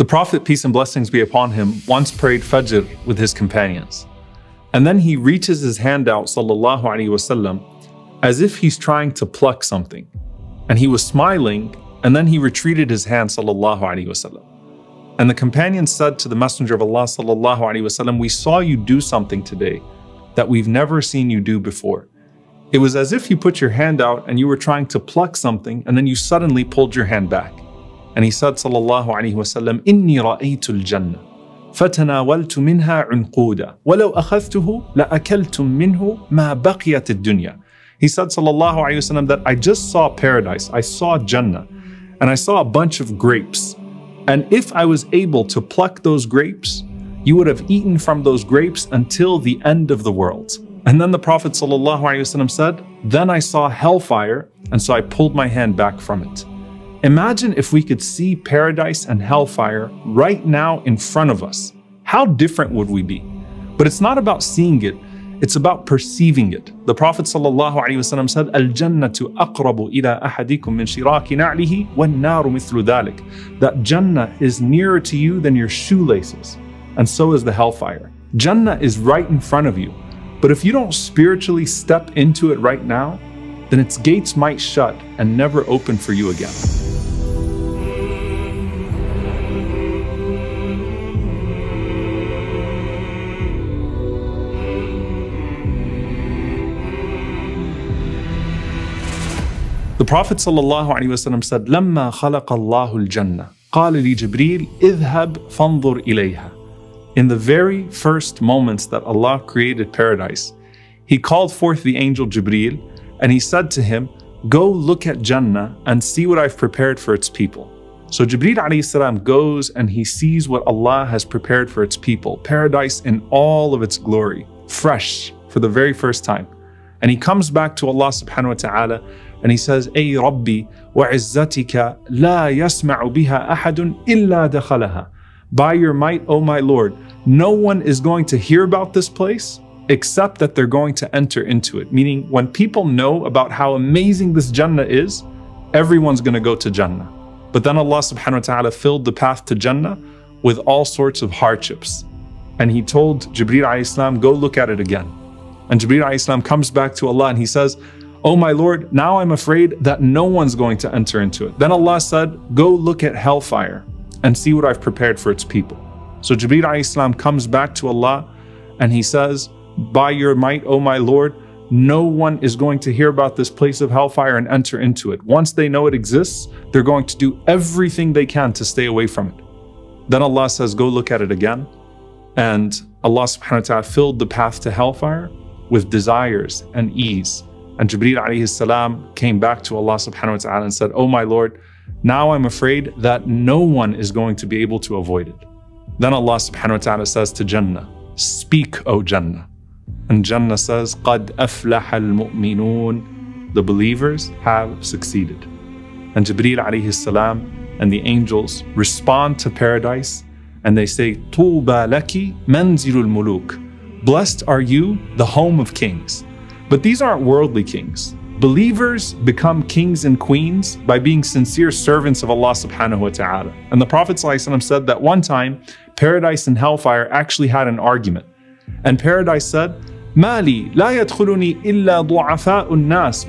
The Prophet, peace and blessings be upon him, once prayed Fajr with his companions. And then he reaches his hand out, sallallahu alaihi wasallam, as if he's trying to pluck something. And he was smiling, and then he retreated his hand, sallallahu alaihi wasallam. And the companion said to the Messenger of Allah, sallallahu alaihi wasallam, we saw you do something today that we've never seen you do before. It was as if you put your hand out and you were trying to pluck something, and then you suddenly pulled your hand back. And he said, Sallallahu alayhi Wasallam, إِنِّي رَأَيْتُ الْجَنَّةِ فتناولت منها عنقودا ولو أخذته لأكلتم منه ما بقيت الدنيا He said sallallahu alayhi wasallam that I just saw paradise, I saw Jannah, and I saw a bunch of grapes. And if I was able to pluck those grapes, you would have eaten from those grapes until the end of the world. And then the Prophet sallallahu alayhi wasallam said, Then I saw hellfire, and so I pulled my hand back from it. Imagine if we could see paradise and hellfire right now in front of us. How different would we be? But it's not about seeing it, it's about perceiving it. The Prophet ﷺ said, Al-Jannatu aqrabu ila ahadikum min shiraki na'lihi wa naru mithlu dhalik. That Jannah is nearer to you than your shoelaces, and so is the hellfire. Jannah is right in front of you. But if you don't spiritually step into it right now, then its gates might shut and never open for you again. The Prophet ﷺ said, لما خلق الله الجنة قال لي جبريل اذهب فانظر إليها In the very first moments that Allah created paradise, He called forth the angel Jibril and He said to him, Go look at Jannah and see what I've prepared for its people. So Jibril goes and he sees what Allah has prepared for its people, paradise in all of its glory, fresh for the very first time. And he comes back to Allah subhanahu wa ta'ala and he says, Ay Rabbi wa la yasma'u biha ahadun illa By your might, O my Lord, no one is going to hear about this place except that they're going to enter into it. Meaning, when people know about how amazing this Jannah is, everyone's going to go to Jannah. But then Allah subhanahu wa ta'ala filled the path to Jannah with all sorts of hardships. And he told Jibreel alayhi go look at it again. And Jibreel alayhi comes back to Allah and he says, Oh my Lord, now I'm afraid that no one's going to enter into it. Then Allah said, Go look at hellfire and see what I've prepared for its people. So Jibreel Islam comes back to Allah and he says, By your might, O my Lord, no one is going to hear about this place of hellfire and enter into it. Once they know it exists, they're going to do everything they can to stay away from it. Then Allah says, Go look at it again. And Allah subhanahu wa ta'ala filled the path to hellfire with desires and ease and Jibril alayhi salam came back to Allah subhanahu wa ta'ala and said, Oh my Lord, now I'm afraid that no one is going to be able to avoid it. Then Allah subhanahu wa ta'ala says to Jannah, Speak, O Jannah. And Jannah says, قَدْ أَفْلَحَ الْمُؤْمِنُونَ The believers have succeeded. And Jibril alayhi salam and the angels respond to paradise and they say, طُوبَى لَكِ مَنْزِلُ الْمُلُوكِ Blessed are you, the home of kings. But these aren't worldly kings. Believers become kings and queens by being sincere servants of Allah subhanahu wa ta'ala. And the Prophet said that one time, paradise and hellfire actually had an argument. And paradise said, Mali la yadkhuluni illa du'afa'un nas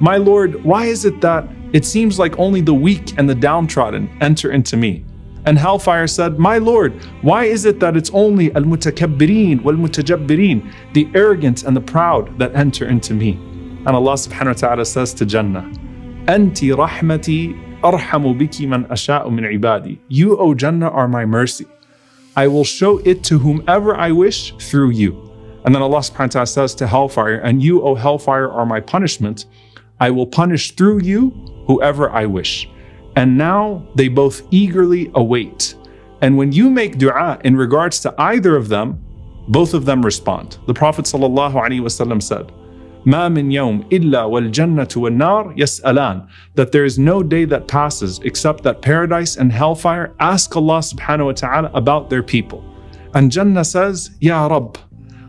My Lord, why is it that it seems like only the weak and the downtrodden enter into me? And hellfire said, My Lord, why is it that it's only al mutakabbireen wal mutajabbirin, the arrogant and the proud, that enter into me? And Allah subhanahu wa ta'ala says to Jannah, Anti rahmati arhamu biki man asha'u min ibadi. You, O Jannah, are my mercy. I will show it to whomever I wish through you. And then Allah subhanahu wa ta'ala says to hellfire, And you, O hellfire, are my punishment. I will punish through you whoever I wish and now they both eagerly await. And when you make dua in regards to either of them, both of them respond. The Prophet ﷺ said, ما yom يوم jannatu والجنة والنار yasalan that there is no day that passes except that paradise and hellfire ask Allah subhanahu wa ta'ala about their people. And Jannah says, Ya Rabb,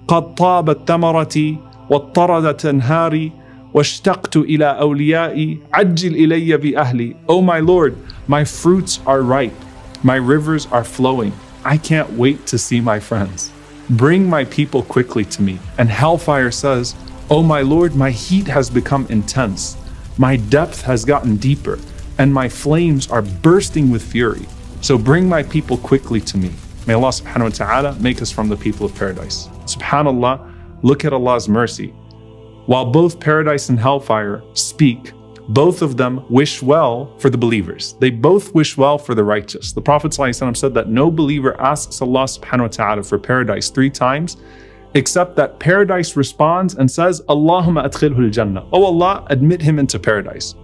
قد طابت ثمرتي واضطردت أنهاري وَاشْتَقْتُ إِلَىٰ أَوْلِيَائِي عَجِّلْ إِلَيَّ بِأَهْلِي O oh, my Lord, my fruits are ripe. My rivers are flowing. I can't wait to see my friends. Bring my people quickly to me. And Hellfire says, O oh, my Lord, my heat has become intense. My depth has gotten deeper, and my flames are bursting with fury. So bring my people quickly to me. May Allah subhanahu wa ta'ala make us from the people of paradise. Subhanallah, look at Allah's mercy. While both paradise and hellfire speak, both of them wish well for the believers. They both wish well for the righteous. The Prophet ﷺ said that no believer asks Allah subhanahu wa ta'ala for paradise three times, except that paradise responds and says, Allahumma adkhilhul jannah. Oh Allah, admit him into paradise.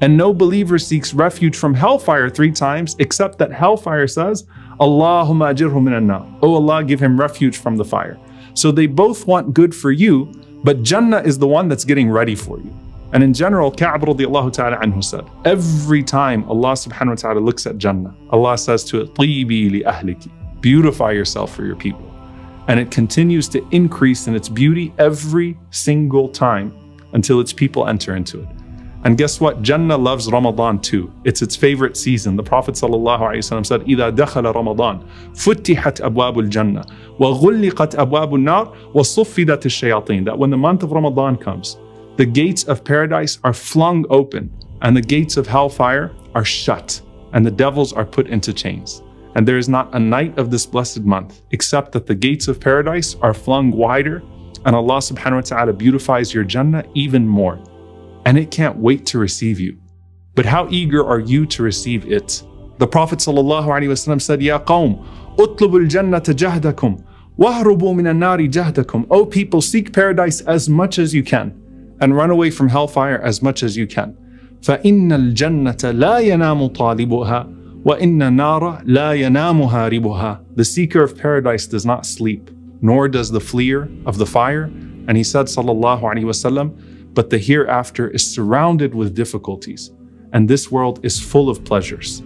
And no believer seeks refuge from hellfire three times, except that hellfire says, Allahumma ajirhu minanna. Oh Allah, give him refuge from the fire. So they both want good for you, but Jannah is the one that's getting ready for you. And in general, Ka'b radiallahu ta'ala anhu said, every time Allah subhanahu wa ta'ala looks at Jannah, Allah says to it, li ahliki, beautify yourself for your people. And it continues to increase in its beauty every single time until its people enter into it. And guess what? Jannah loves Ramadan too. It's its favorite season. The Prophet ﷺ said, إِذَا دَخَلَ رَمَضَانَ فُتِحَتْ أَبْوَابُ الْجَنَّةِ وَغُلِّقَتْ أَبْوَابُ النَّارِ وَصُفِّدَتِ الشَّيَاطِينَ That when the month of Ramadan comes, the gates of paradise are flung open and the gates of hellfire are shut and the devils are put into chains. And there is not a night of this blessed month except that the gates of paradise are flung wider and Allah subhanahu wa ta'ala beautifies your Jannah even more. And it can't wait to receive you. But how eager are you to receive it? The Prophet wasallam said, Ya qawm, utlubul jannata jahdakum. وَهْرُبُوا مِنَ النَّارِ جَهْدَكُمْ O oh, people, seek paradise as much as you can, and run away from hellfire as much as you can. فَإِنَّ الْجَنَّةَ لَا يَنَامُ طَالِبُهَا وَإِنَّ النَّارَ لَا يَنَامُ هَارِبُهَا The seeker of paradise does not sleep, nor does the fleer of the fire. And he said, sallallahu alaihi wasallam, but the hereafter is surrounded with difficulties, and this world is full of pleasures.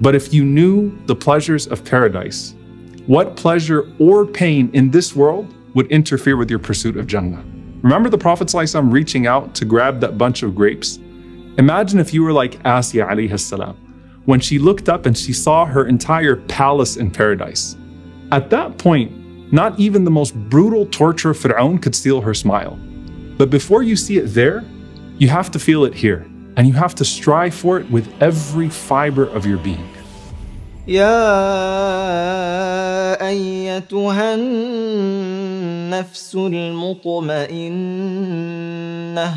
But if you knew the pleasures of paradise, what pleasure or pain in this world would interfere with your pursuit of Jannah? Remember the Prophet reaching out to grab that bunch of grapes? Imagine if you were like Asiya alayhi salam, when she looked up and she saw her entire palace in paradise. At that point, not even the most brutal torture of Fir'aun could steal her smile. But before you see it there, you have to feel it here, and you have to strive for it with every fiber of your being. يا ايتها النفس المطمئنه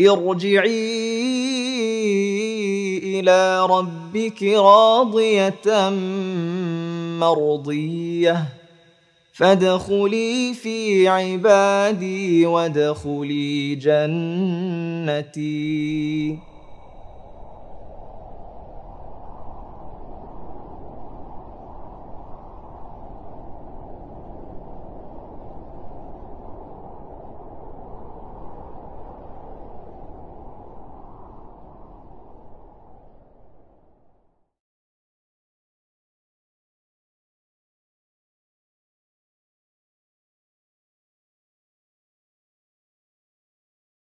ارجعي الى ربك راضيه مرضيه فادخلي في عبادي وادخلي جنتي